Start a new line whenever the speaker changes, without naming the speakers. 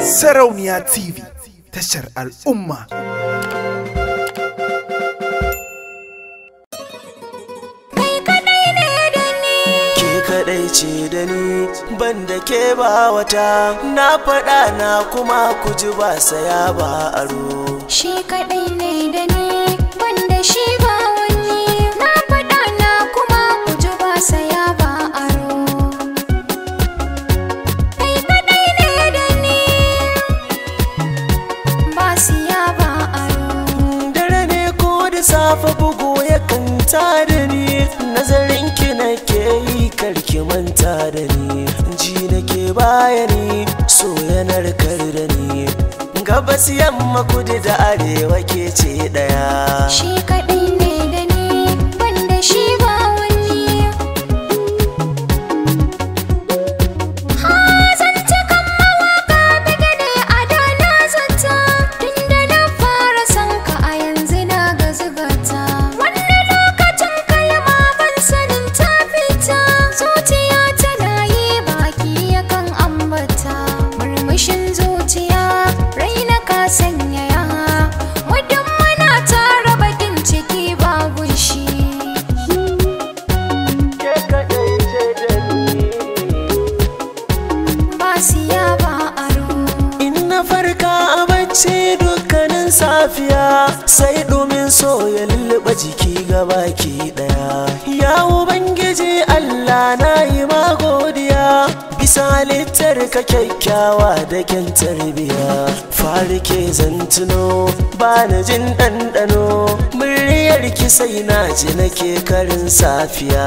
Sarauniya TV tashar al'umma. kadai ce da ni ban da ke ba wata na faɗa na kuma ku ji ba saya ba aro shi kadai ne
da ni
fa bugu ya kanta da ni nazarin ki na ke yi karki manta da ni ji na baya ni so yanar kar da ni gabas yamma kudu da arewa ke ce daya Sai dukkanin safiya sai domin so ya lullube jiki ga baki daya ya ubangiji allah na yi ma godiya bisa halittar ka kyakkyawa da kyan tarbiya farke zantuno ba na jin ɗanɗano muryar ki sai na ji nake karin safiya